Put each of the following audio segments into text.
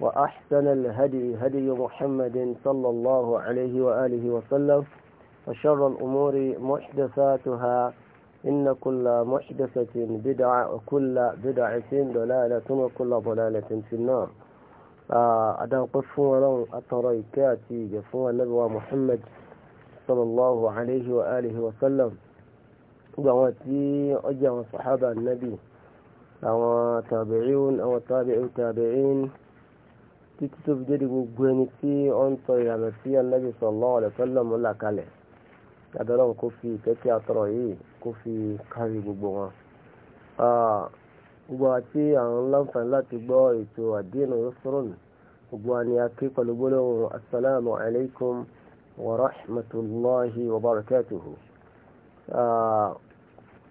وأحسن الهدي هدي محمد صلى الله عليه وآله وسلم وشر الأمور محدثاتها إن كل محدثة بدعة وكل بدعة ضلالة وكل ضلالة في النار آه، أدعو قفوا لهم أتريكاتي جفوا النبوة محمد صلى الله عليه وآله وسلم وعواتي أجمع صحابة النبي أو تابعون أو تابعوا تابعين títí tó fi dédé gbogbo ẹni tí ó ń tọ ìlànà tí Ànábì sallallahu alaihi wasallam là kalẹ̀ adọ́lọ́run kó fi ìkẹ́kẹ́ àtọ̀rọ̀ yìí kó fi kárí gbogbo wọn. gbogbo àti àwọn láǹfààní láti gbọ́ ètò àdínà yusrun gbogbo àni aké pẹ̀lú gbólóhùn asalaamu alaykum wa rahmatulahi wa barakatuhu.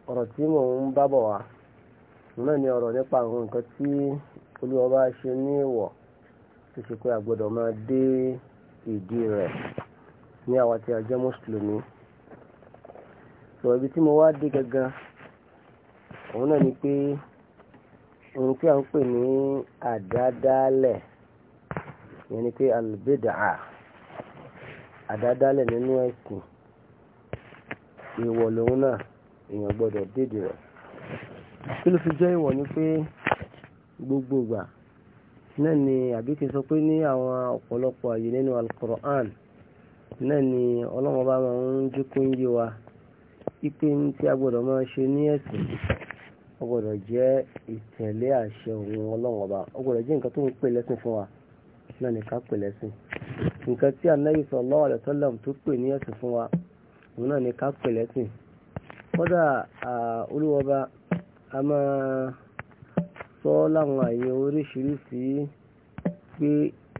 ọ̀rọ̀ tí mò ń bábọ̀ wá náà ni ọ̀rọ̀ nípa àwọn nǹkan tí Olúwa bá ṣe ní ìwọ̀ tó ṣe pé a gbọ́dọ̀ máa dé ìdí rẹ̀ ní àwa tí a jẹ́ mùsùlùmí sọ ibi tí mo wá dé gangan òun náà ni pé ohun tí a ń pè ní àdádálẹ̀ ìyẹn ni pé albedaa àdádálẹ̀ nínú ẹ̀sìn ìwọ̀ lòun náà èèyàn gbọ́dọ̀ dédìí rẹ̀ kí ló fi jẹ́ ìwọ̀ ni pé gbogbo ìgbà náà ni àbí kí n sọ pé ní àwọn ọ̀pọ̀lọpọ̀ àyè nínú alukur'an náà ni ọlọ́run bá máa ń jókòó ń yé wa ipe tí a gbọ́dọ̀ máa ṣe ní ẹ̀sìn ó gbọ́dọ̀ jẹ́ ìtẹ̀lé àṣẹ òun ọlọ́run ọba ó gbọ́dọ̀ jẹ́ nǹkan tó ń pè lẹ́sìn fún wa náà ni ká pè lẹ́sìn nǹkan tí Ànábì sallallahu alaihi wasallam tó pè ní ẹ̀sìn fún wa òun náà ni ká pè lẹ́sìn kódà olúwọba a máa. sọ láwọn àyè oríṣiríṣi pé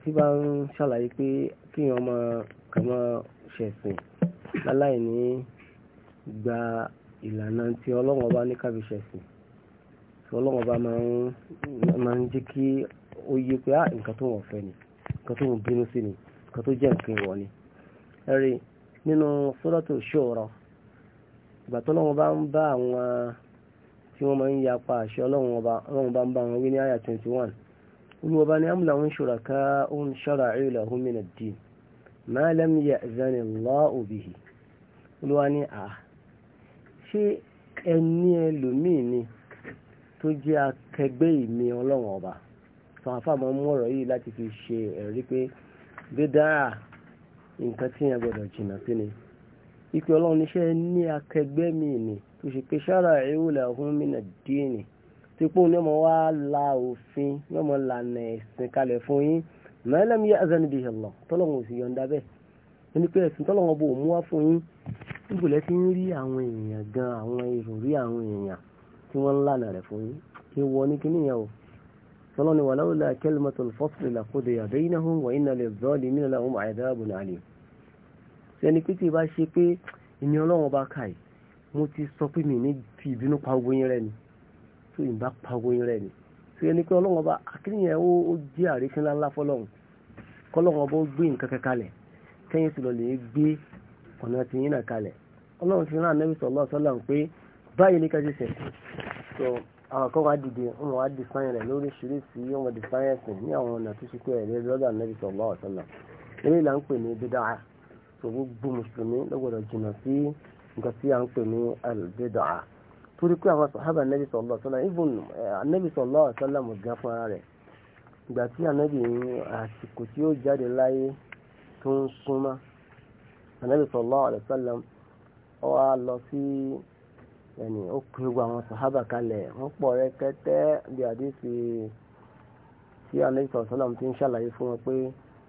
tí bá ń ṣàlàyé pé kíyàn ọmọ kàmọ́ ṣẹ̀sìn láláì ní gba ìlànà tí ọlọ́run ọba ní kábi ṣẹ̀sìn tí ọba máa ń jẹ́ kí ó yé pé ah, nǹkan tó fẹ́ ni nǹkan tó wọ́n bínú sí ni nǹkan tó jẹ́ nǹkan ni ẹ̀rí nínú ìgbà tó wọ́n máa ń yapa àṣẹ ọlọ́run ọba bá ń bá wọn wí ní àyà 21 olùwọba ni amúlà ṣòra ká ń ṣọ́ra ìlà homina dì máa lẹ́mú yẹ ẹ̀zẹ́ni lọ́ òbí ni à ṣé ẹni ẹlòmíì ni tó jẹ́ akẹgbẹ́ ìmí ọlọ́run ọba mú ọ̀rọ̀ yìí láti fi ṣe ẹ̀rí pé nǹkan tí yẹn jìnnà ni ìpè ọlọ́run tó ṣe pé ṣára ẹ̀rù làwọn mìnà díẹ̀ ni tí pé òní ọmọ wa la òfin ní ọmọ lànà ẹ̀sìn kalẹ̀ fún yín mẹ́lẹ́m yẹ azan bíi ẹ̀lọ́ tọ́lọ́wọ́n ò sì yọ̀ǹda bẹ́ẹ̀ ó ní pé ẹ̀sìn tọ́lọ́wọ́n bò mú wá fún yín níbo lẹ́ ti ń rí àwọn èèyàn gan àwọn ìròrí àwọn èèyàn tí wọ́n ń lànà rẹ̀ fún yín kí wọ́n ní kíní yẹn o tọ́lọ́ni wà láwùlá kẹ́lìmọ́tò fọ́sùlì pé tí ì bá ṣe pé ìní ọlọ́wọ́n bá kà yìí mo ti sọ pé mi ní fi ìbínú pa ogun yín rẹ ni tó ìbá pa ogun yín rẹ ni tó yẹ ni pé ọlọ́run ọba akínyẹn ó jẹ́ àrífín ńláńlá fọlọ́run kọ́lọ́run ọba ó gbé nǹkan kẹ́kẹ́ kalẹ̀ kẹ́yìn sì lọ lè gbé ọ̀nà tí yín náà kalẹ̀ ọlọ́run fi rán anábì sallallahu alaihi wasallam pé báyìí ní kájí sẹ̀ tó àwọn kan wá dìde wọn wá di sáyẹn rẹ̀ lórí ṣíríṣì wọn di sáyẹn sìn ní àwọn ọ̀nà tó ṣe pé lọ́dọ̀ anábì sallallahu alaihi wasallam là ń pè ní bídà tó gbogbo mùsùlùmí lọ́gbọ̀dọ̀ jìnnà sí nǹkan tí a ń pè ní al-bid'ah torí pé àwọn sàhábà nẹ́bí sallallahu alaihi wasallam even eh, nẹ́bí sallallahu alaihi wasallam gan fúnra rẹ̀ ìgbà tí ànábì àsìkò tí ó jáde láyé tó ń súnmọ́ ànábì sallallahu alaihi wasallam ó wá lọ sí ẹni ó pè gbogbo àwọn sàhábà kalẹ̀ wọ́n pọ̀ rẹpẹtẹ bí àdéhùn tí ànábì sallallahu alaihi ti ń ṣàlàyé fún wọn pé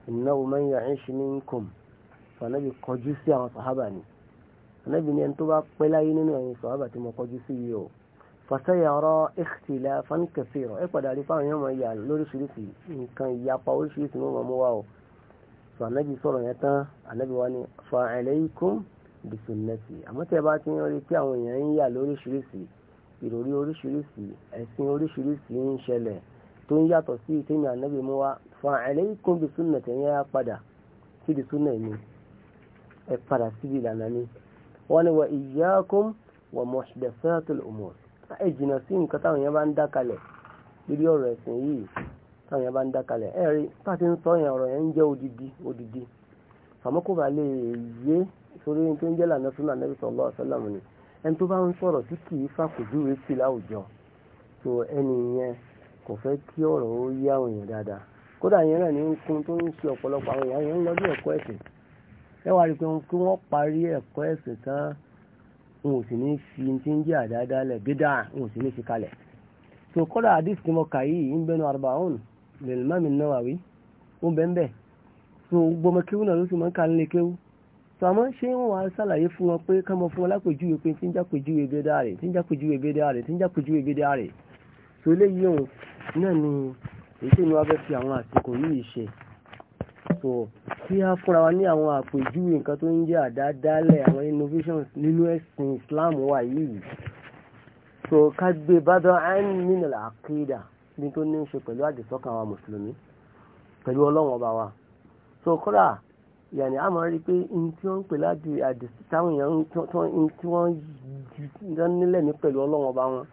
innahu man ya'ish minkum fànábì anábì ní ẹni tó bá pẹ́ láyé nínú ẹ̀yin sọ àbàtì mọ̀ kọjú sí yìí o fàṣẹyàrọ ikhtilafan kathira ẹ padà rí fáwọn èèyàn mọ̀ ìyà lóríṣiríṣi nǹkan ìyapa oríṣiríṣi mọ̀ mọ́ wa o sọ anábì sọ̀rọ̀ yẹn tán anábì wa ni fa alaykum bi sunnati àmọ́ tẹ́ bá ti ń rí pé àwọn èèyàn ń yà lóríṣiríṣi ìròrí oríṣiríṣi ẹ̀sìn oríṣiríṣi ń ṣẹlẹ̀ tó ń yàtọ̀ sí ìtẹ́mi ànábì mú wa fa alaykum bi sunnati padà síbi ìlànà mi wọ́n ní wa iyyakum wa muhdathatil umur ẹ jìnà sí nǹkan táwọn yẹn bá ń dá kalẹ̀ lórí ọ̀rọ̀ ẹ̀sìn yìí táwọn yẹn bá ń dá kalẹ̀ ẹ rí pàtí ń sọ yẹn ọ̀rọ̀ yẹn ń jẹ́ odidi odidi àmọ́ lè yé sórí tó ń jẹ́ lànà fún Ànábì sallallahu alaihi wasallam ni ẹni tó bá ń sọ̀rọ̀ tí kì í fàkójúwe sí láwùjọ tó ẹni yẹn kò fẹ́ kí ọ̀rọ̀ ó yé àwọn dáadáa kódà yẹn náà ní ń kun tó ń ṣe ọ̀pọ̀lọpọ̀ àwọn èèyàn yẹn ń lọ bí ẹ̀kọ́ ẹ̀sìn ẹ wá rí i pé kí wọ́n parí ẹ̀kọ́ ẹ̀sìn tán wọn ò sì ní fi ti ń jẹ́ àdáadáalẹ̀ bídà wọn ò sì ní fi kalẹ̀ tó kọ́dà àdìs tí mo kà yìí ń bẹnu arba'un lil Imam an-Nawawi ó bẹ́ẹ̀ bẹ́ẹ̀ tó gbọmọ kéwú náà ló sì máa ń kà ń lè kéwú tó àmọ́ ṣé wọ́n wá sàlàyé fún wọn pé ká mọ fún wọn lápèjúwe pé tí ń jápèjúwe bídà rẹ̀ tí ń jápèjúwe bídà rẹ̀ tí ń jápèjúwe bídà rẹ̀ tó léyìí òun náà ni èyí tí mo wá fẹ́ fi àwọn àsìkò yìí ṣe so kí á fúnra wa ní àwọn àpèjúwe nǹkan tó ń jẹ́ àdádálẹ̀ àwọn innovations nínú ẹ̀sìn Islam wa yìí so ká gbé bàdàn án nínú àkídà ní tó ní í ṣe pẹ̀lú àdìsọ́kàn àwọn mùsùlùmí pẹ̀lú ọlọ́run ọba wa so kódà yàní àmọ́ rí pé n tí wọ́n ń pè láti àdìsítáwọn èèyàn n tí wọ́n nílẹ̀ ní pẹ̀lú ọlọ́run ọba wọn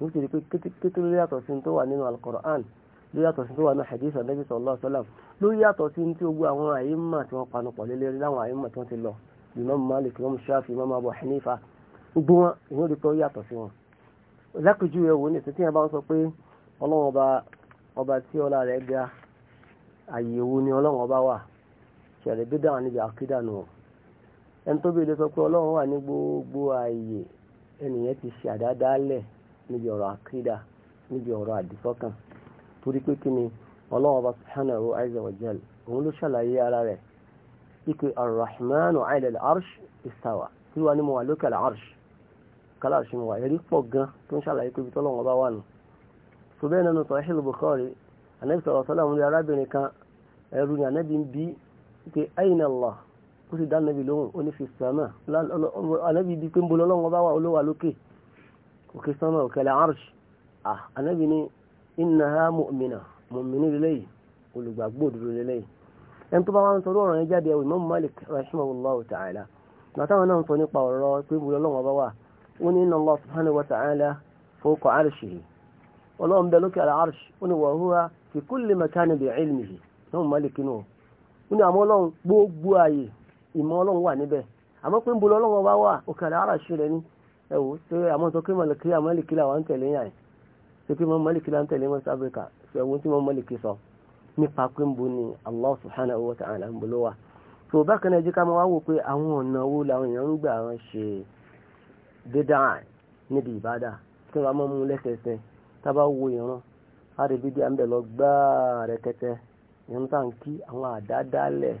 ní ó sì rí pé kété ló yàtọ̀ sí tó wà nínú Al-Qur'an ló yàtọ̀ sí tó wà ní hadith Ànábì sallallahu alaihi ló yàtọ̀ sí tí gbogbo àwọn àyímà tí wọ́n panu pọ̀ lélẹ́rí láwọn àyímà tí wọ́n ti lọ Imam Malik Imam Shafi Imam Abu Hanifa gbogbo wọn ìyẹn olè tó yàtọ̀ sí wọn. lákòjú ẹ̀ wò ní ya yẹn bá ń sọ pé ọlọ́run ọba ọba tí ọlá rẹ̀ ga ni ọlọ́run ọba wà torí pé kí ni ọlọ́wọ́n bá subhanahu azza wa jal òun ló ṣàlàyé ara rẹ̀ ipe arrahmanu ala al-arsh istawa tí wàá ní mo wà lókè al-arsh kálá àrṣ mo wà ẹ̀rí pọ̀ gan tó ń ṣàlàyé pé ibi tọ́lọ́wọ́n bá wà nù. so bẹ́ẹ̀ nínú Sahih Bukhari anabi sọ̀rọ̀ sọ́lá àwọn arábìnrin kan ẹ̀rù ni anabi ń bí pé ayna Allah kó sì dá anabi lóhùn ó ní fi sàmà anabi bí pé ń bolọ́ ọlọ́wọ́n bá wà olówà lókè òkè sàmà òkè al-arsh ah anabi ni innaha mu'mina mu'mini lélẹ́yìí olùgbàgbọ́ òdodo lélẹ́yìí ẹni tó bá wá ń sọ lọ́rọ̀ yẹn jáde ẹ̀wọ̀ Imam Malik rahimahullahu ta'ala nàtàwọn náà ń sọ nípa ọ̀rọ̀ pé ibùdó ọlọ́wọ́n bá wà ó ní inna Allah subhanahu wa ta'ala fawqa arshihi ọlọ́run bẹ lókè àlà arṣ ó ní wa huwa fi kulli makani bi ilmihi Imam Malik nù ó ní àmọ́ ọlọ́run gbogbo ààyè ìmọ̀ ọlọ́run wà níbẹ̀ àmọ́ pé ibùdó ọlọ́wọ́n bá wà òkè àlà arṣ rẹ̀ ní ẹ̀wọ̀ tó àmọ́ sọ pé mọ̀lẹ́kì ṣe pé mọ́mọ́ mọ́lìkì láń tẹ̀lé mọ́sí áfíríkà ṣe ohun tí mọ́mọ́ mọ́lìkì sọ nípa pé ń bo ni allah subhanahu wa ta'ala ń bolo wa tó o bá kan ẹjẹ ká máa wá wò pé àwọn ọ̀nà wo làwọn èèyàn ń gbà wọn ṣe dídá níbi ìbádà tí wọn máa mú lẹ́sẹẹsẹ tábà wo ìran láti bídí àmbẹ̀ lọ gbáà rẹ̀kẹ̀tẹ̀ ìran tá à ń kí àwọn àdádálẹ̀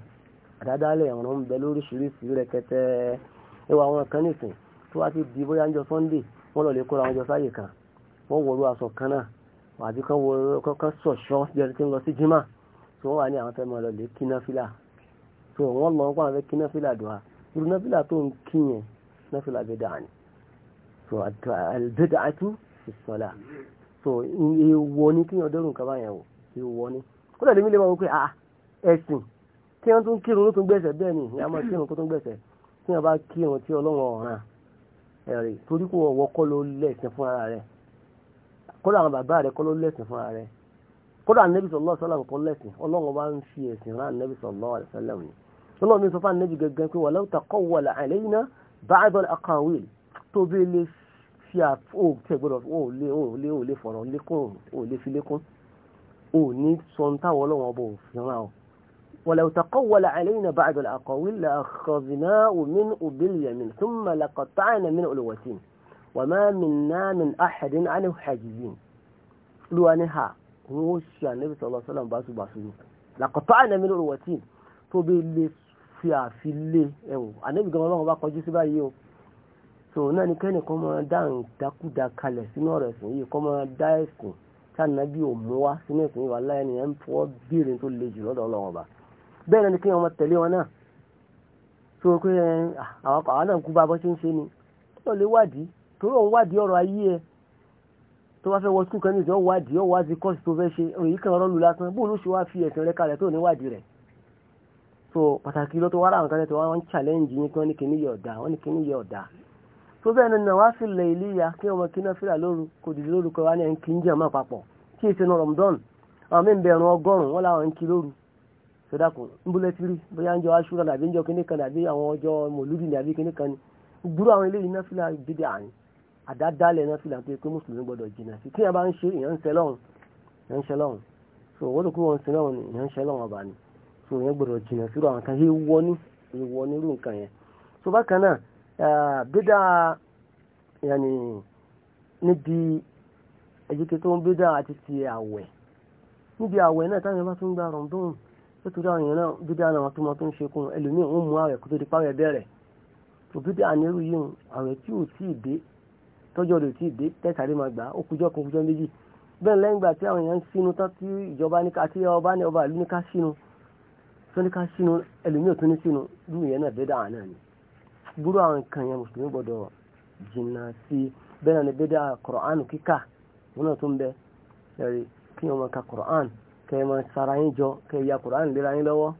àdádálẹ̀ ìran ń bẹ lóríṣiríṣi rẹ̀kẹ̀tẹ̀ ẹwà àwọn kan nìsín tó wá ti di bóyá ń jọ sunday wọn lọ lè kóra àwọn jọ sáyè kan wọ́n wọ̀rú aṣọ kan náà àbí kan wọ kankan sọ̀ṣọ́ jẹ́rìí tí ń lọ sí jimá tí wọ́n wà ní àwọn fẹ́ẹ́ máa lọ lè kí náfìlà tó wọ́n lọ wọn fẹ́ kí náfìlà dùn á irú náfìlà tó ń kí yẹn náfìlà ni kí ọdọ́rùn ni kódà lèmi lè máa wọ pé ah, ah, ẹ̀sìn kí wọ́n tún kírun ẹ̀rì torí kò wọ́kọ́ ló lẹ̀sìn fún ara rẹ̀ kódà àwọn bàbá rẹ̀ kọ́ ló lẹ́sìn fúnra rẹ̀ kódà nẹ́bí sallallahu alaihi wasallam kọ́ lẹ́sìn ọlọ́run bá ń fi ẹ̀sìn rán nẹ́bí sallallahu alaihi wasallam ni ọlọ́run ní sọ fún nẹ́bí gẹ́gẹ́ pé walau taqawwala alaina ba'd al-aqawil tó bí lè fi àtẹ̀gbọ́dọ̀ ò lè fọ̀rọ̀ lékún ò lè fi lékún ò ní sọ ولو تقول علينا بعض الأقاويل لأخذناه منه باليمين ثم لقطعنا منه الوتين wa ma minna min ahadin anhu hajizin olúwa ní ha òun ó ṣe ànábì sallallahu alaihi wasallam báṣubàṣu ni laqata'na min urwatin tó bí lè fi àfi lé ẹ̀wọ̀n ànábì gan ọlọ́run bá kọjú sí báyìí o so náà ni kẹ́ni kọ́ máa dá ìdákúdá kalẹ̀ sínú ọ̀rọ̀ ẹ̀sìn yìí kọ́ máa dá ẹ̀sìn tánàbí ò mú wá sínú ẹ̀sìn yìí wà láyé ni ẹ̀ ń fọwọ́ bèèrè tó le jù lọ́dọ̀ ọlọ́run ọba bẹ́ẹ̀ náà ni kéèyàn máa tẹ̀lé wọn náà so pé ah, àwọn náà kú bá bọ́ ṣe ń ṣe ni ó lè wádìí torí òun wádìí ọ̀rọ̀ ayé ẹ tó wá fẹ́ wọ skul kan ní ìjọ wádìí ọ̀ wádìí kọ́ọ̀sì tó fẹ́ ṣe òyìn kan ọ̀rọ̀ lu lásán bóun ló ṣe wá fi ẹ̀sìn rẹ kalẹ̀ tó ní wádìí rẹ̀ so pàtàkì ló tó wá láwọn kan tó wá wọn challenge yín kan ní kíní yẹ ọ̀dà wọn ní kíní yẹ ọ̀dà tó bẹ́ẹ̀ náà wá fi lẹ̀ ilé ya kí ọmọ kí náà fìlà lóru kò dìde lóru kọ wá ní ẹnkì ń jẹ́ ọmọ àpapọ̀ kí èsì ní rọ̀mùdọ́n àwọn mí ń bẹ̀rùn ọgọ́rùn-ún wọn láwọn ń kí lóru sọdákùn ń búlẹ̀ tìrì bóyá ń jọ aṣúra tàbí ń jọ kíní kan tàbí àwọn ọjọ́ mòlúdì tàbí kíní kan ni gbúrú àwọn eléyìí náà fìlà dídí àárín àdádálẹ̀ náà fìlà pé pé mùsùlùmí gbọ́dọ̀ jìnnà sí tí yẹn bá ń ṣe ìyẹn ń ṣe lọ́hùn ìyẹn ń ṣe lọ́hùn so owó tó kú wọn ń lọ́hùn ìyẹn ń ṣe lọ́hùn ọba ni so ìyẹn gbọ́dọ̀ jìnnà sí àwọn kan yìí wọ ní ìwọ nírú nǹkan yẹn so bákan náà bídà yàní níbi ẹ̀jíkẹ́ tó ń bídà àti ti àwẹ̀ níbi àwẹ̀ náà táwọn bá tún gbà rọ̀ǹdùn nítorí àwọn èèyàn náà bídà náà wọn tó máa tún ṣe so bídà ní irú yìí àwẹ̀ tọ́jọ́ rẹ̀ sì dé tẹ́sàrí máa gbà ó kújọ́ kan kújọ́ méjì bẹ́ẹ̀ lẹ́yìn ìgbà tí àwọn èèyàn ń sínú tán tí ìjọba ní ká tí ọba ní ọba ìlú ní ká sínú tó ní ká sínú ẹlòmíì tó ní sínú lùú yẹn náà bẹ́dà náà ni burú àwọn nǹkan yẹn mùsùlùmí gbọ́dọ̀ jìnnà sí bẹ́ẹ̀ náà ni bẹ́dà kọ̀rọ̀ánù kíkà wọn náà tó ń bẹ ẹ̀rí kí wọ́n máa ka kọ̀rọ̀án kẹ́ ẹ máa sara yín jọ kẹ́ ẹ ya kọ̀rọ̀án lera yín lọ́wọ́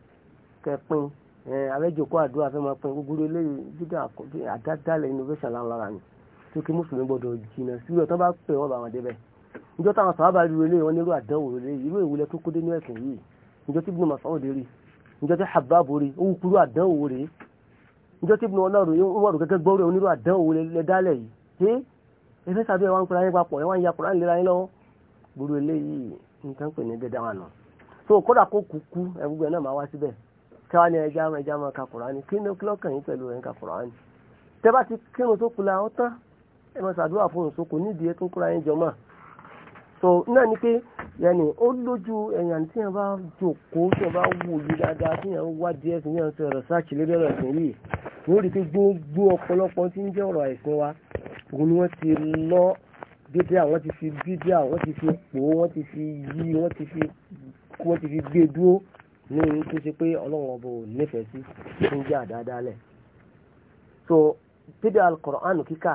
kẹ́ ẹ pín ẹ abẹ́jọ́kọ́ àdúrà fẹ́ máa pín gbogbo eléyìí innovation láwọn lára ni tó kí mùsùlùmí gbọdọ̀ jìnnà síbẹ̀ tó bá pè wọ́n bá wọn débẹ̀ níjọ́ táwọn sàábà rí ilé wọn nírú àdánwò ilé irú ìwúlẹ̀ tó kó dé ní ẹ̀sìn yìí níjọ́ tí Ibn Mas'ud rí níjọ́ tí Habbabu rí ó kúrú àdánwò rèé níjọ́ tí Ibn Umar wọ̀rù gẹ́gẹ́ gbọ́rọ̀ onírú àdánwò lẹ́dálẹ̀ yìí ṣé ẹfẹ́ so kódà kó kúkú ẹgbẹ́ náà máa wá síbẹ̀ káwá ní ẹja ẹja máa ka Kùránì kí lọ́kàn yín pẹ̀lú ti kírun tó kula ọ̀tán ẹ máa ṣàdúrà fún òun so kò nídìí ẹ tún kóra yín jọ so náà ni pé yẹnì ó lójú ẹ̀yàn tí yẹn bá jòkó tí yẹn bá wò yí dáadáa tí yẹn wá díẹ̀ sí yẹn sọ ọ̀rọ̀ sáàkì lórí ọ̀rọ̀ ẹ̀sìn yìí ni ó rí pé gbogbo ọ̀pọ̀lọpọ̀ tí ń jẹ́ ọ̀rọ̀ ẹ̀sìn wa òun ni wọ́n ti lọ bídíà wọ́n ti fi bídíà wọ́n ti fi pò wọ́n ti fi yí wọ́n ti fi wọ́n ti fi gbé dúró ní ohun tó ṣe pé ọlọ́run ọba ò nífẹ̀ẹ́ sí tó ń jẹ́ àdáadáa lẹ̀ so bídíà Al-Qur'an kíkà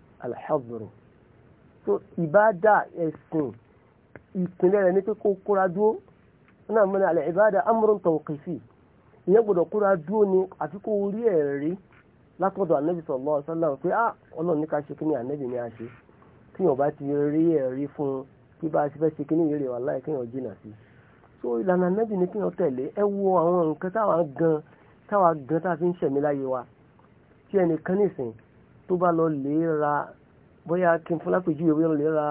alhazuru so ìbádà ẹ̀sìn ìpínlẹ̀ rẹ̀ ní pé kó kóra dúró náà mọ́ni alẹ́ ìbádà amúrún tawqifi ìyẹn gbọ́dọ̀ kóra dúró ni àti kó rí ẹ̀rí látọ̀dọ̀ ànábì sallallahu alaihi wasallam pé á ah, ọlọ́run ní ká ṣe kí ni ànábì ní a ṣe kí yàn bá ti rí ẹ̀rí fún un kí bá a ṣe fẹ́ ṣe kí ni ìrè wà láì kí yàn jìnà sí so ìlànà ànábì ní kí yàn tẹ̀lé ẹ wo àwọn nǹkan táwa gan táwa gan táwa fi ń ṣẹ̀mí láyé wa tí ẹnìkan nìsín tó bá lọ lè ra bóyá kí n fún lápèjúwe bóyá lè ra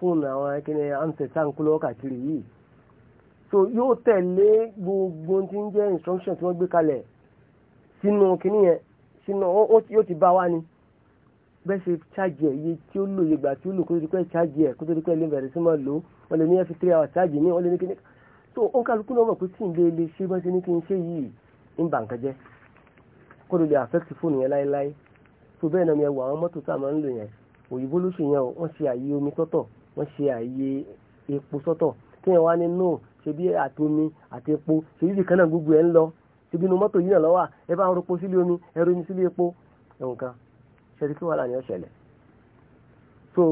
fóònù àwọn akíní ansẹ̀tà ń yìí so yóò tẹ̀lé gbogbo tí ń jẹ́ instruction tí wọ́n gbé kalẹ̀ sínú kíní yẹn sínú yóò ti bá wa ni bẹ́ẹ̀ ṣe ṣáàjì ẹ̀ iye tí ó lò iye gbà tí ó lò kó tó di pẹ́ ṣáàjì ẹ̀ kó tó di pẹ́ lè bẹ̀rẹ̀ sí máa lò wọ́n lè ní ẹ̀ fi three hours ṣáàjì ní wọ́n lè ní kíní so ó kálukú náà mọ̀ pé tí n lè lè ṣe bá ṣe ní kí n ṣe yìí ń bà nǹkan jẹ́ kó lè lè affect fóònù yẹn láéláé tó bẹ́ẹ̀ náà ni ẹwà àwọn mọ́tò tá a máa ń lò yẹn òyìnbó ló ṣe yẹn o wọ́n ṣe àyè omi sọ́tọ̀ wọ́n ṣe àyè epo sọ́tọ̀ kí yẹn wá ní no ṣe bí àti epo ṣe bí kan gbogbo ẹ̀ ń lọ ṣe inú mọ́tò yìí náà lọ́wọ́ ẹ bá ń ropo sílé omi ẹ romi sílé epo ẹ̀wọ̀n kan ṣe kí wàhálà ni ó ṣẹlẹ̀ so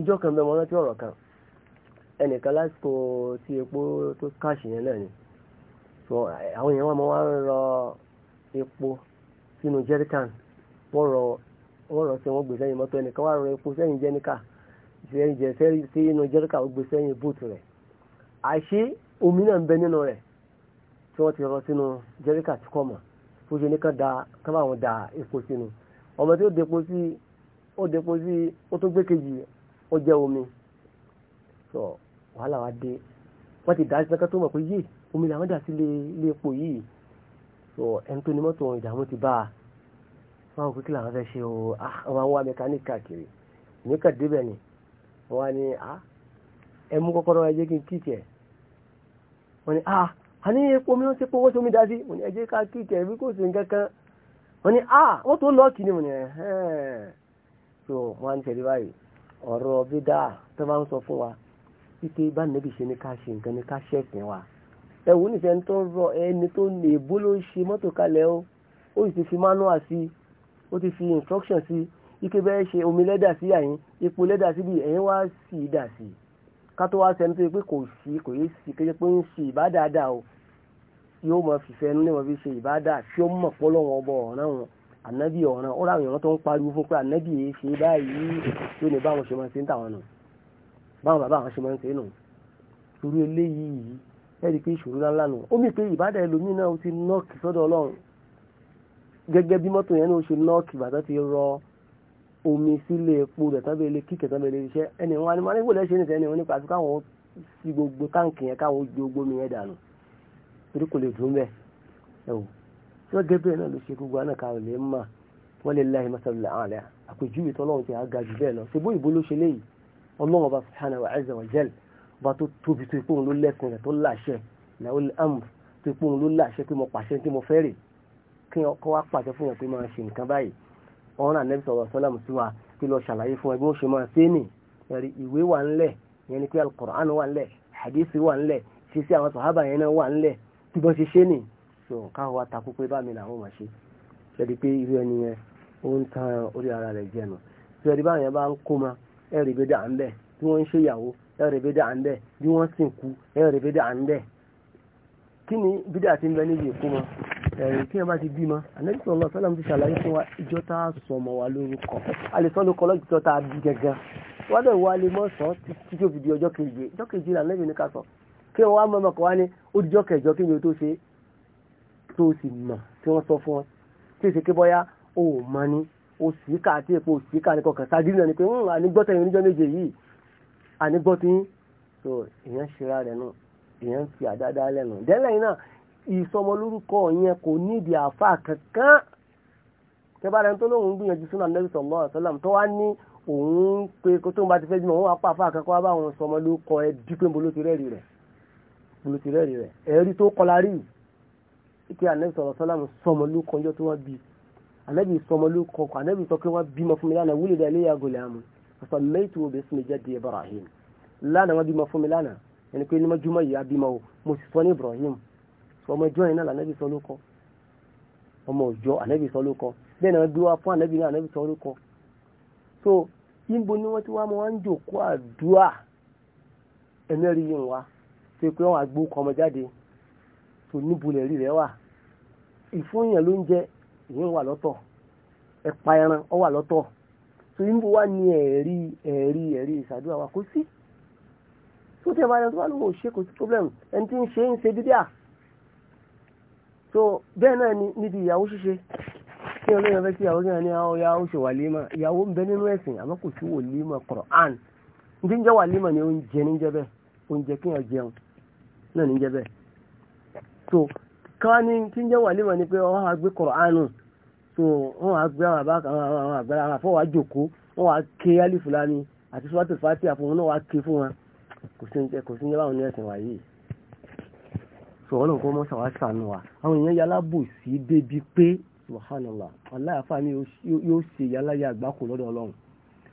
ìjọ kan bẹ́ẹ̀ mọ́ rántí ọ̀rọ̀ kan ẹnìkan lásìkò tí epo tó káàṣì yẹn náà ni so àwọn èèyàn wọn máa ń rọ epo sínú jẹ́ríkàn wọ́n rọ wọ́n rọ sí wọ́n gbé sẹ́yìn mọ́tò ẹnìkan wà rọ epo sẹ́yìn jẹ́níkà sẹ́yìn jẹ́ sí inú jẹ́ríkà ó gbé sẹ́yìn bóòtù rẹ̀ àṣé omi náà ń bẹ nínú rẹ̀ tí wọ́n ti rọ sínú jẹ́ríkà tí kò mọ̀ fúnṣe ní kan da kan báwọn da epo sínú ọmọ tí ó depo sí ó depo sí ó tó gbé kejì ó jẹ́ omi sọ wàhálà wa dé wọ́n ti dá sí kankan tó mọ̀ pé yé omi làwọn dà sí ilé epo yìí sọ ẹni tó ní mọ́tò ìdààmú ti bá a wọn kò kí làwọn fẹ́ ṣe o àwọn ah, wá mẹkáníkì káàkiri ní kàdébẹ̀ ni wọ́n ní a ah, ẹ mú kọ́kọ́rọ́ ẹ jẹ́ kí n kíkì ẹ̀ wọ́n ní a ah, a ní epo mi wọ́n ti pọ́wọ́ sí dá sí wọ́n ní ẹ ká kíkì ẹ̀ bí kò sí nǹkan wọ́n ní a wọ́n tó lọ́ọ̀kì ni wọ́n ní ẹ̀ so wọ́n á ní tẹ̀lé báyìí ọ̀rọ̀ bídà tó bá ń sọ fún wa pípé bá níbi ṣe ní ká ṣe nǹkan ní ká ṣẹ̀sìn wa ẹ̀wù níṣẹ́ ń tó rọ ẹni tó ní èbó ló ń ṣe mọ́tò kalẹ̀ ó ó sì ti fi mánú àti ó ti fi instruction sí ike bẹ́ẹ̀ ṣe omi lẹ́dà sí àyín epo lẹ́dà síbi ẹ̀yìn wá sí i dà sí i ká tó wá sẹ́ni tó yẹ pé kò sí kò yé sí kéde pé ń ṣe ìbádáadáa o yóò mọ fìfẹ́ ẹnu ní wọn fi ṣe ìbádáa tí ó mọ̀ pọ́lọ́wọ́n ọbọ̀ ọ̀ràn wọn ànábì ọ̀ràn ó ráwọn èèyàn tó ń pariwo fún pé ànábì yìí ṣe báyìí tó ní báwọn ṣe máa ń ṣe ń tàwọn nù báwọn bàbá àwọn ṣe máa ń ṣe nù torí eléyìí ẹ̀rí pé ìṣòro ńláńlá nù ó mì pé ìbádà ẹlòmíì ti nọ́ọ̀kì sọ́dọ̀ ọlọ́run gẹ́gẹ́ bí mọ́tò yẹn ní oṣù nọ́ọ̀kì bàtà ti rọ omi sílé epo rẹ̀ tábí ilé kíkẹ̀ tábí ilé iṣẹ́ ẹni wọn ni wọn nígbò lẹ́sẹ̀ nìkan ẹni wọn nípa àti káwọn sí gbogbo táǹkì yẹn káwọn ju ogbó mi yẹn dànù torí kò lè dùn bẹ́ẹ̀ ẹ wò tí wọ́n gẹ́gẹ́ náà ló ṣe gbogbo àná ká lè mà wọ́n lè láyé mọ́tàlá àwọn àlẹ́ àpèjúwe tọ́lọ́run ti àga bẹ́ẹ̀ kí ọkọ wa pàṣẹ fún yàn pé máa ṣe nǹkan báyìí ọ̀run ànẹ́bí sọ̀rọ̀ sọ́làmù sí wa kí lọ ṣàlàyé fún ẹgbẹ́ òṣèlú máa ṣe é nì ẹ̀rí ìwé wà ńlẹ̀ ìyẹn ni pé alukur'an wà ńlẹ̀ hadisi wà ńlẹ̀ ṣíṣe àwọn sàhábà yẹn náà wà ńlẹ̀ tí wọ́n ṣe ṣe nì so káwọn wa takú pé bámi làwọn máa ṣe ṣẹ́ni pé irú ẹni yẹn ó ń tan orí ara rẹ̀ jẹnu ṣẹ́ni báwọn yẹn bá ń kó ma ẹ̀rí bí dáa ńbẹ̀ bí wọ́n ń ṣèyàwó ẹ̀rí bí dáa ńbẹ̀ bí wọ́n sìnkú ẹ̀rí bí dáa ńbẹ̀ kí ni bídà ti ń bẹ níbi ìkó ma ẹ̀rìn tí wọ́n bá ti bímọ Ànábì sallallahu alaihi ti ṣàlàyé fún wa ìjọ tá a sọ ọmọ wa lórúkọ a lè sọ lórúkọ lọ́jọ́ tá a bí gẹ́gẹ́ wọ́n dẹ̀ wá lè mọ́ sọ títí tó fi di ọjọ́ keje ọjọ́ keje là Ànábì ní ká sọ kí wọ́n wá mọ́ ọmọkọ̀ wá ní ó kẹjọ kí ni o tó ṣe tó sì mọ̀ tí wọ́n sọ fún ọ tí èsì ké bọ́yá ó mọ ni O sì ká àti èpo sì ká ní kọkàn sáà dínà ni pé ànígbọ́tẹ̀ hmm, yìí níjọ́ méje yìí ànígbọ́tẹ̀ yìí so èèyàn ṣe ra rẹ̀ nù èèyàn fi àdáadáa lẹ́nu dẹ́lẹ́yìn náà ìsọmọlórúkọ yẹn kò nídìí àfa kankan tẹ́bára ẹni tó lóun ń gbìyànjú sínú ànábì sallallahu alaihi wasallam tó wá ní òun pé kó tóun bá ti fẹ́ bímọ òun wá pa àfa kankan wá bá òun sọmọlórúkọ ẹ dí pé bolo ti rẹ́ẹ̀rì rẹ̀ bolo ti rẹ́ẹ̀rì rẹ̀ ẹ̀rí tó kọlá rí ike ànábì sallallahu alaihi wasallam sọmọlórúkọ yọ tó wá bí ànábì sọmọlórúkọ kọ ànábì sọ pé wọ́n bímọ fún mi lánàá wúlò dá iléyà Ibrahim lánàá wọ́n bímọ fún mi lánàá ẹni pé ní mọ́júmọ́ yìí á o mo sì sọ ní Ibrahim ọmọ ìjọ yẹn náà lànàbí sọ ló kọ ọmọ òjọ ànàbí sọ ló kọ bẹ́ẹ̀ náà dúwà fún ànàbí náà ànàbí sọ ló so níbo ni wọ́n ti wá mọ́ wá ń jòkó àdúrà ẹ̀mẹ́rin yìí wá tó pé wọ́n àgbó kọ ọmọ jáde tó níbulẹ̀ rí rẹ̀ wà ìfúnyàn ló ń jẹ ìyẹn wà lọ́tọ̀ ẹ̀pa ẹran ọ wà lọ́tọ̀ tó níbo wá ní ẹ̀rí ẹ̀rí ẹ̀rí ìsàdúrà wa kò sí tó tẹ̀ bá yẹn tó bá lóun ò ṣe kò sí problem ẹni tí ń ṣe ń ṣe dídí à so bẹ́ẹ̀ náà ni níbi ìyàwó ṣíṣe kí ọlọ́yìn fẹ́ sí ìyàwó náà ní ọ̀yà ah, ó ṣe wàlímà ìyàwó ń bẹ nínú ẹ̀sìn àmọ́ kò sí wàlímà Qur'an ní jẹ́ wàlímà ni oúnjẹ ní jẹ́ bẹ́ẹ̀ na kí wọ́n jẹun náà ní jẹ́ bẹ́ẹ̀ so káwá ní kí ń jẹ́ wàlímà ni pé wọ́n á gbé so wọ́n á gbé àwọn àbá àwọn àgbàlá àwọn àfọwà jòkó so ọlọ́run kó mọ́ ṣàwá ṣàánú wa àwọn èèyàn yálà bò sí débi pé subhanallah aláàfáà ni yóò ṣe yálà yà àgbákò lọ́dọ̀ ọlọ́run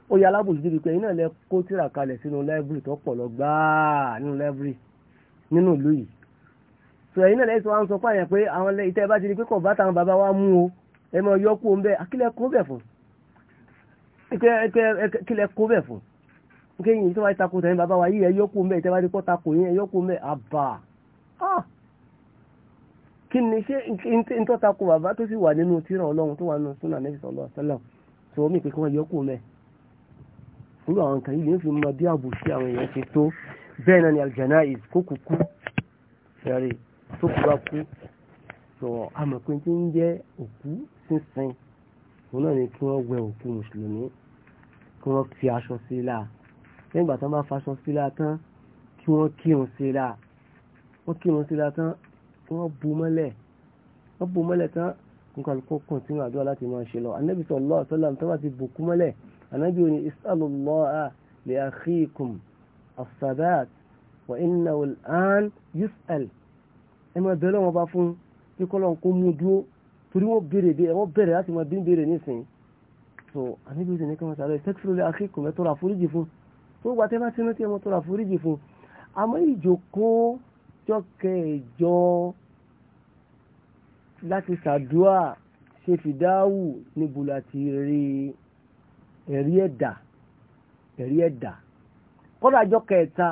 ó yálà bò sí débi pé ẹ̀yin náà lẹ kó tírà kalẹ̀ sínú láìbírì tó pọ̀ lọ gbáà nínú láìbírì nínú ìlú yìí so ẹ̀yin náà lẹ́yìn tó wá ń sọ fún àyàn pé àwọn ìtẹ́ bá ti di pé kò bá táwọn bàbá wa mú o ẹ mọ yọ kó ń bẹ akílẹ̀ kó bẹ̀ fún kílẹ̀ kó bẹ̀ fún kéyìn tó wá takò tẹ̀yìn bàbá wa yìí ẹ yọ kó ń bẹ ìtẹ́ bá ti kọ́ takò yín ẹ yọ kó ń àbà ah kí ni ṣé n tó takò bàbá tó sì wà nínú tírà ọlọ́run tó wà nínú súnà nẹ́bí sọ̀lọ́ sẹ́lẹ̀m tó omi pé kí wọ́n mẹ́ nígbà àwọn nǹkan yìí ní fi mọ bí sí àwọn èèyàn ṣe tó bẹ́ẹ̀ náà ni aljana'iz kó kú kú ṣẹ̀rẹ̀ tó kú bá kú sọ amọ̀pin tí ń jẹ́ òkú sínsìn òun náà ni kí wọ́n wẹ òkú mùsùlùmí kí wọ́n fi aṣọ sí i láà lẹ́yìn ìgbà tí bá faṣọ sí i láà tán kí wọ́n kírun sí i láà wọ́n kírun sí i láà tán kí wọ́n bu mọ́lẹ̀ wọ́n bu mọ́lẹ̀ tán nǹkan kó kùn sínú àdúrà láti máa ṣe lọ anabi sallallahu alaihi wasallam tó bá ti bùkún mọ́lẹ̀ anabi òní is'alullaha li akhikum as-sabat wa innahu al-an yus'al ẹ máa bẹ̀rẹ̀ wọn bá fún kí kọ́lọ́n kó mú dúró torí wọ́n bèrè dé wọ́n bẹ̀rẹ̀ láti máa dín bèrè nísìnyí so anabi òní kí wọ́n sàrẹ̀ istaghfiru li akhikum ẹ tọrọ fún tó gbà tẹ́ bá tinú tí ẹ fún àmọ́ ìjókòó ọjọ́ kẹjọ láti ṣàdúrà ṣe fìdáwù níbo láti rí ẹ̀rí ẹ̀dà ẹ̀rí ẹ̀dà kọ́dà ọjọ́ kẹta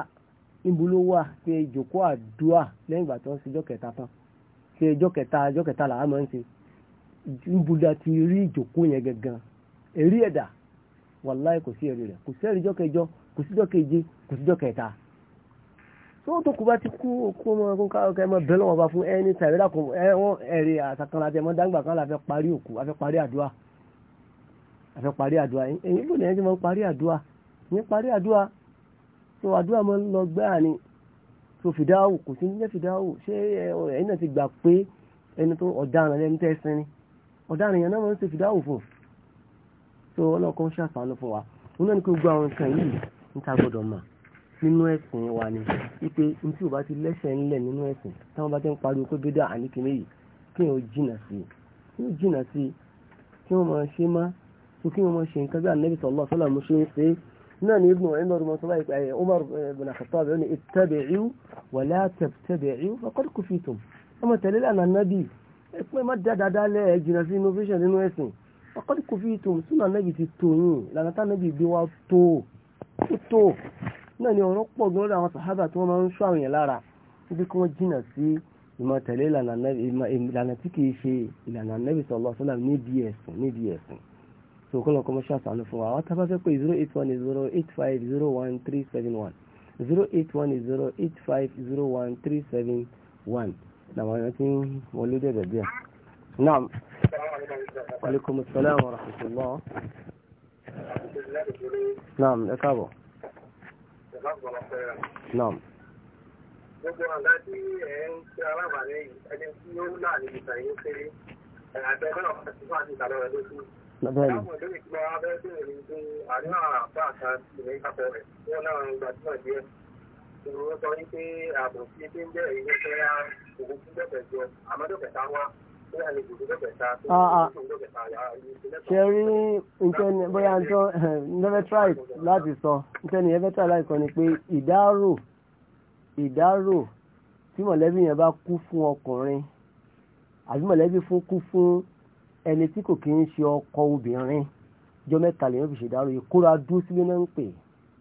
níbo ló wà ṣe ìjòkó àdúrà lẹ́yìn ìgbà tó ń ṣe ọjọ́ kẹta tán ṣe ọjọ́ kẹta ọjọ́ kẹta làá máa ń ṣe níbo láti rí ìjòkó yẹn gangan ẹ̀rí ẹ̀dà wàláì kò sí ẹ̀rí rẹ̀ kò sí ẹ̀rí ọjọ́ kẹjọ kò sí ọjọ́ keje kò sí ọjọ́ kẹta tó tó kú bá ti kú òkú ọmọ ẹkún káàkiri ẹmọ bẹ́ẹ̀ lọ́wọ́ bá fún ẹni tàbí dàkún ẹwọ́n ẹ̀rí àtàkàn láti ẹmọ dáńgbà kan láfẹ́ parí òkú afẹ́ parí àdúrà afẹ́ parí àdúrà èyí ló lẹ́yìn tí wọ́n parí àdúrà ìyẹn parí àdúrà tó àdúrà mọ́ lọ gbáà ni tó fìdáwò kò sí ní fìdáwò ṣé ẹ̀yin náà ti gbà pé ẹni tó ọ̀daràn lẹ́nu tẹ́ sin ni ọ̀daràn yẹn náà máa ń ṣe fìdáwò fún tó ọlọ́kan ṣàfàánú fún wa òun náà ni kó gbọ́ àwọn nǹkan yìí ń ta gbọ́dọ̀ mọ̀ nínú ẹ̀sìn wa ni wípé n tí o bá ti lẹ́sẹ̀ ńlẹ̀ nínú ẹ̀sìn táwọn bá ti ń pariwo pé bídà àníkíní yìí kí wọ́n jìnà sí kí wọ́n jìnà sí kí wọ́n máa ṣe má so kí wọ́n máa ṣe nǹkan bí ànábì sọ̀lọ́ sọ́lá mo ṣe ń ṣe náà ní ibùn ẹ̀mọ́rù mọ́ sọ́lá ìpẹ́ ẹ̀yẹ Umar bin Khattab ni ittabi'u wa la tabtadi'u faqad kufitum ọmọ tẹ̀lé lànà nábì ẹ pé má dáadáa lẹ́ ẹ̀ jìnà sí innovation náà ni ọ̀rọ̀ pọ̀ gan lọ́dọ̀ àwọn sàhábà tí wọ́n máa ń ṣọ́ àwọn yẹn lára títí kí wọ́n jìnà sí ìmọ̀ tẹ̀lé ìlànà tí kìí ṣe ìlànà nẹ́bí sallallahu alaihi wasallam níbi ẹ̀sìn níbi ẹ̀sìn so kọ́lọ̀ kọ́ mọ́ṣẹ́ àṣàánú fún wa àwọn tá a bá fẹ́ pé zero eight one zero eight five zero one three seven one zero eight one zero eight five zero one three seven one làwọn èèyàn ti ń wọlé dẹ̀dẹ̀ díẹ̀ naam aleykum salaam wa rahmatulah naam ẹ káàbọ̀. Nam. Gbogbo ọ̀gá tí ẹ̀ ń ṣe alábàárẹ̀ yìí, ẹni tí ó là ní ìtàn yìí kéré, àgbẹ̀ náà ti fún àti ìtàlọ́ rẹ̀ lójú. Lábẹ́rẹ̀. Láwọn ìlú ìgbà abẹ́rẹ́ bèrè ní àríwá àpá àta ìwé kápọ̀ rẹ̀, wọ́n náà gbajúmọ̀ díẹ̀. Ìròyìn sọ wípé ààbò tí ó ń bẹ̀rẹ̀ ilé fẹ́ Ah, ah. ṣe rí ìtẹ́ni bóyá ń tọ́ nevetrai láti sọ ìtẹ́ni nevetrai láti sọ ni pé ìdárò ìdárò tí mọ̀lẹ́bí yẹn bá kú fún ọkùnrin àbí mọ̀lẹ́bí fún kú fún ẹni tí kò kí ń ṣe ọkọ obìnrin jọ mẹ́ta lè yẹn fi ṣèdárò ìkóra dúró sílé náà ń pè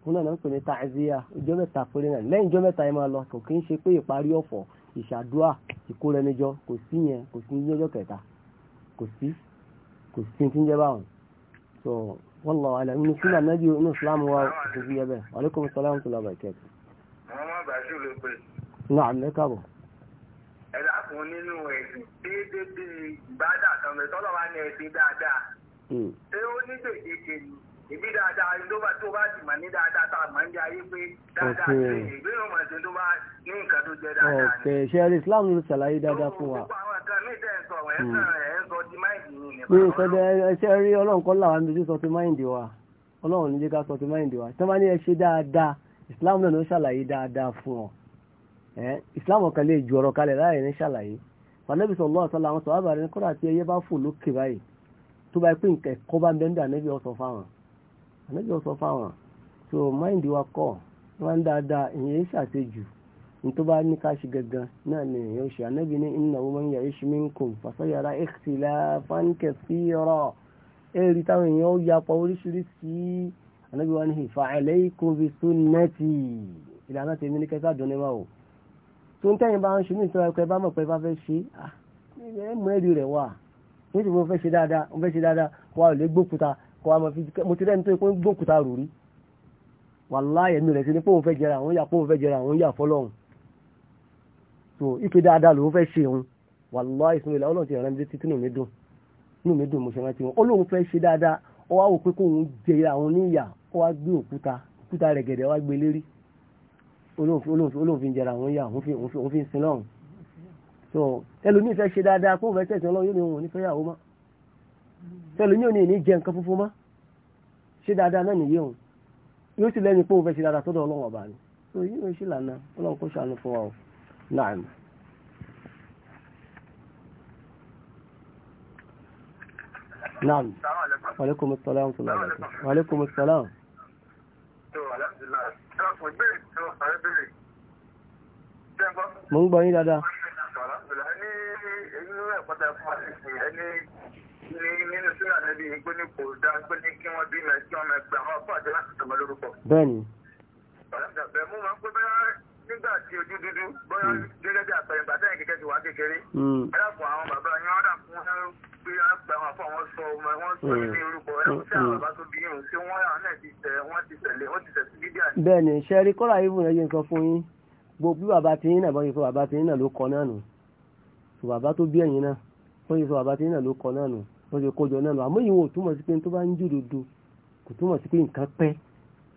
fún náà náà ń pè ní tàìzíà ìjọ mẹ́ta péré náà lẹ́yìn ìjọ mẹ́ta yẹn máa lọ kò kí ń ṣe pé ìparí ọ̀fọ̀ ìṣàdúà ìkóraẹnijọ kò sí yẹn kò sí yọjọ kẹta kò sí kò sí tí ń jẹ báwọn so wallahu alam nínú sílẹ̀ anábì inú islam wa kò sí yẹbẹ aleykum salaam tó lọ́ba ìkẹ́. àwọn ọmọ bàṣẹ ló pe. nà àmì káàbọ̀. ẹ dákun nínú ẹ̀sìn déédéé bíi ìbádà kan mẹ́tọ́lọ́wá ni ẹ̀sìn dáadáa. Hmm. ṣé ó ní gbèdéke ni ìbí dáadáa ló bá tó bá sì mà ní dáadáa tá a mà ń di ayé pé dáadáa ṣe ìgbé yóò mọ̀ ṣe tó bá ní nǹkan tó jẹ dáadáa ni. ọ̀kẹ́ ṣe Islam ló ṣàlàyé dáadáa fún wa. gbogbo àwọn nǹkan mi tẹ̀ ń sọ ẹ̀ ń hmm. sọ ti máìndì yìí nípa. mi ò sọ bẹ ẹ ṣe rí ọlọ́run kọ́ làwọn mi ti sọ ti máìndì wa ọlọ́run ní jẹ́ ká sọ ti máìndì wa tí wọ́n ẹ ṣe dáadáa Islam náà ló ṣàlàyé dáadáa fún ọ Islam ọ̀kan lè ju ọ̀rọ̀ kalẹ̀ láàrin ní ṣàlàyé fàlẹ́bí sọ̀lọ́ ọ̀sán làwọn sọ̀rọ̀ àbàrin kọ́ra àti ẹyẹ bá fò lókè báyìí tó bá pín nǹkan bá ń bẹ́ńdà níbi ọ̀sán fáwọn ànábì ọ̀sọ̀ fáwọn so mind wa kọ̀ wọ́n ń dáadáa ìyẹn ṣàṣejù ní tó bá ní ká ṣe gangan náà ni èèyàn ó ṣe ànábì ní innahu man ya'ish minkum fasayara ikhtilafan kathira èrì táwọn èèyàn ó yapa oríṣiríṣi ànábì wa ní fa'alaykum bi sunnati ìlànà tèmi ní kẹta dùn ní wa o tó ń tẹ́yìn bá ń ṣe ní ìtura ẹ̀kọ́ ẹ bá mọ̀ pé ẹ bá fẹ́ ah, kọ́ wa mo ti rẹ́ni tó yẹ kó ń gbókùtà rò rí wàláhì ẹ̀mí rẹ̀ sí ni póun fẹ́ jẹra àwọn yà póun fẹ́ jẹra àwọn yà fọlọ́hún so ipe dáadáa lòun fẹ́ ṣe òun wàláhì ìsinmi ìlà ọlọ́run ti rẹ̀ mi létí tínú mi dùn inú mi dùn mo ṣe rántí wọn olóhun fẹ́ ṣe dáadáa ó wá wò pé kóun jẹra àwọn níyà ó wá gbé òkúta òkúta rẹ̀ gẹ̀dẹ̀ wá gbé lérí olóhun fi ń jẹra àwọn yà òun fi ń sin lọ́hùn so ẹlòmíì fẹ́ ṣe dáadáa kóun fẹ́ ṣẹ̀sìn ọlọ́run yóò ní òun ò yàwó mọ́ tẹ́lú ní òní ìní jẹ nǹkan funfun mọ́ ṣé dáadáa náà nìyí òun yóò sì lẹ́ni pé òun fẹ́ ṣe dáadáa tọ́dọ̀ ọlọ́wọ̀n ọba ni so yìí ò ṣì lànà ọlọ́run kó ṣàánú fún wa o náà ni. náà ni wàlékùmù sọlá ń sọlá wàlékùmù mo ń gbọ́ yín dáadáa nínú sí àdébí ni pé ní kò dá pé ní kí wọ́n bí mẹ́sí ọmọ ẹgbẹ́ àwọn ọkọ̀ àti láti tọmọ lórúkọ. bẹ́ẹ̀ni. ọ̀làjà bẹ́ẹ̀ mú máa ń pẹ́ bẹ́ẹ̀ nígbà tí ojú dúdú bóyá gẹ́gẹ́ bí àpẹẹrẹ ìgbà tẹ́yìn kékeré ti wá kékeré. ẹ̀dàpọ̀ àwọn bàbá yín wọ́n dà fún pé àgbà wọn fún àwọn sọ ọmọ wọn sọ ní orúkọ ẹ̀kú sí àwọn bàbá tó bí bẹ́ẹ̀ni sẹẹri kọlá yìí bùnà yé nǹkan fún yín gbogbo bàbá tí yín bọ́ yìí fún bàbá tí yín ló kọ náà nù bàbá tó bí ẹ̀yìn náà bọ́ yìí fún bàbá tí yín ló kọ náà nù wọ́n ṣe kójọ náà lọ àmọ́ ìwọ̀n ò túmọ̀ sí pé tó bá ń jòdòdò kò túmọ̀ sí pé nǹkan pẹ́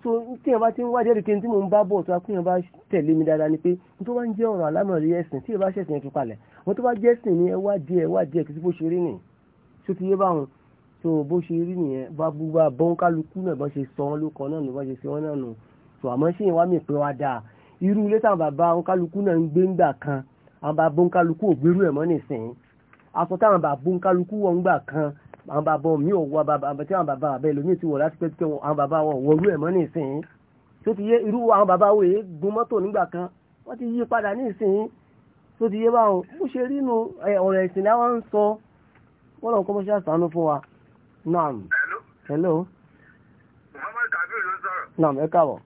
so tí yẹn bá ti ń wádìí ẹ̀rí kí n tí mò ń bá bọ̀ tó akú yẹn bá tẹ̀lé mi dáadáa ni pé n tó bá ń jẹ́ ọ̀rọ̀ alámọ̀rí ẹ̀sìn tí yẹn bá ṣẹ̀sìn ẹ̀ fi palẹ̀ wọ́n tó bá jẹ́ sìn ní ẹwádìí ẹ̀ wádìí ẹ̀ kì í sí bó ṣe rí nì tó ti yé báwọn tó bó ṣe rí nìyẹn bá bú bá bọ́n kálukú náà bá ṣe sọ wọn ló kọ náà ló bá ṣe ṣe wọn náà nù tó àmọ́ ṣé yẹn wá mi pé wá dáa irú ilé táwọn bàbá wọn kálukú náà ń gbé ńgbà kan àwọn bàbá wọn kálukú ògbérú ẹ̀ mọ́ nìsín aṣọ táwọn bàbá ń kálukú wọn gbà kan àwọn bàbá mi ò wọ bàbá tí àwọn bàbá àbẹ́ lómi ti wọ̀ láti pẹ́ tí àwọn bàbá wọn wọ irú ẹ̀ mọ́ nísìnyí tó ti yé irú àwọn bàbá wo yìí gun mọ́tò nígbà kan wọ́n ti yí padà nísìnyí tó ti yé báwọn bó ṣe rí nu ọ̀rọ̀ ẹ̀sìn láwọn ń sọ wọ́n lọ́n kọ́ mọ́ fún wa. naam hello. hello. muhammad kabir ló sọ̀rọ̀. naam ẹ káàbọ̀.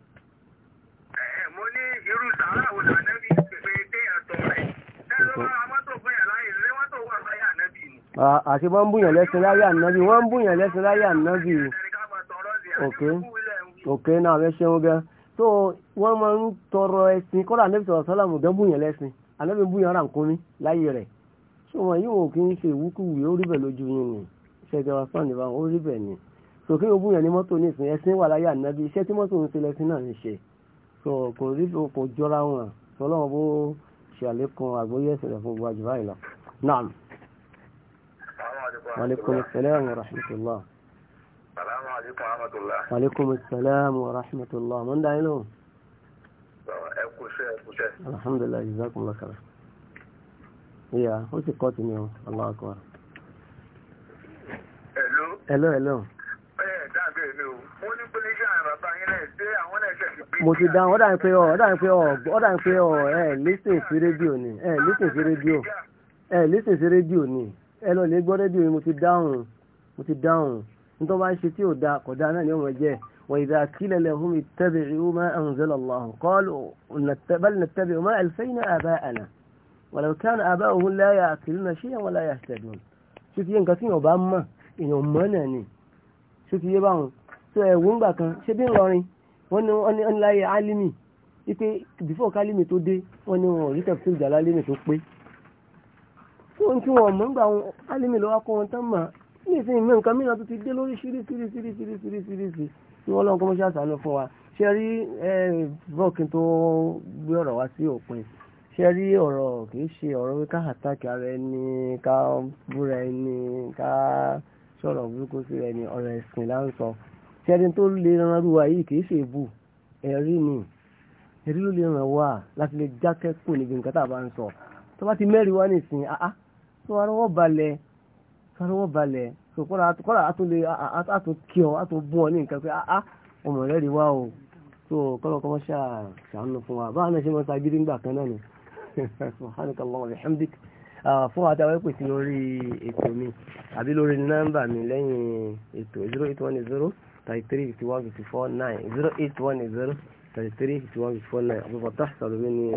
ẹ mo ní irú sàárà wo lànà àti wọ́n ń bùyàn lẹ́sìn láyé ànábì wọ́n ń bùyàn lẹ́sìn láyé ànábì ok ok náà rẹ ṣeun gan so wọ́n máa ń tọrọ ẹ̀sìn kọ́ra ànábì sọ̀rọ̀ sálàmù gan bùyàn lẹ́sìn ànábì bùyàn rà nkúnmí láyé rẹ̀ so wọn yìí wọn kì í ṣe ìwúkúwì ó rí bẹ̀ lójú yín ni ṣẹjọba fún ìbá wọn ó rí bẹ̀ ni so kí wọ́n bùyàn ní mọ́tò ní ìsìn ẹ̀sìn wà láyé ànábì iṣẹ́ tí mọ́tò ń ṣe lẹ́sìn náà ń ṣe so kò rí kò jọra wọn sọlọ́wọ́n bó ṣàlékún àgbóyè ẹ̀sìn rẹ̀ fún gbajúmọ̀ ìlọ náà. وعليكم السلام ورحمة الله السلام عليكم ورحمة الله وعليكم السلام ورحمة الله من دعي له؟ الحمد لله جزاكم الله خير يا هو ثقات اليوم الله أكبر hello hello hello mo ti dáhùn ọ̀dà ń pé ọ̀ ọ̀dà ń pé ọ̀ ọ̀dà ń pé ọ̀ ẹ̀ lísìn sí rédíò ni ẹ̀ lísìn sí rédíò ẹ̀ lísìn sí rédíò ni ẹ lọ lè gbọ́ rédíò mo ti dáhùn mo ti dáhùn nítorí bá ń ṣe tí ò da kò da náà ni ọmọ jẹ wa idha qila lahum ittabi'u ma anzala Allahu qalu bal nattabi'u ma alfayna aba'ana walau kana aba'uhum la ya'qiluna shay'an wa la yahtadun ṣé ti yẹ nǹkan tí yàn bá mọ̀ èèyàn mọ̀ náà ni ṣé ti yẹ báwọn tó ẹ̀wọ̀n gbà kan ṣé bí ńlọrin wọ́n ní wọ́n ní láyé álímì wípé bífọ̀ kálímì tó dé wọ́n ní wọn ò rí tẹ̀síìlì jàlálímì tó pé tó ń tí wọn mọ̀ nígbà wọn alimi lọ́wọ́ kọ́ wọn tán mà ní ìsìn ìmọ̀ nǹkan mìíràn tó ti dé lórí ṣíríṣíríṣíríṣíríṣíríṣí tí wọ́n lọ́n kọ́ mọ́ṣáà sànú fún wa ṣe rí bọ́ọ̀kì tó gbé ọ̀rọ̀ wá sí òpin ṣe rí ọ̀rọ̀ kì í ṣe ọ̀rọ̀ wí ká àtàkì ara ẹni ká búra ẹni ká sọ̀rọ̀ burúkú sí ẹni ọ̀rọ̀ ẹ̀sìn là ń sọ ṣe rí tó lè ran rú wa kì í ṣe èbù ẹ̀rí ni ẹ̀rí ló lè ràn wá láti lè jákẹ́ kù níbi nǹkan tá a bá ń sọ tó bá ti mẹ́rin wá nìsín ah so ara wọ́n balẹ̀ ara wọ́n balẹ̀ so kọ́ra kọ́ra àtúnlé àtúnkí ọ àtúnbú ọ ní nǹkan pé áá ọmọ rẹ̀ rí wá o so kọ́lọ̀ kọ́ ṣàánú fún wa báwọn ṣe mọ́ta gidi ńgbà kan náà ni subhanakallah wa fún àtàwọn ìpè lórí ètò mi àbí lórí nọ́mbà mi lẹ́yìn ètò zero eight one zero thirty three fifty one fifty four nine zero eight one ni.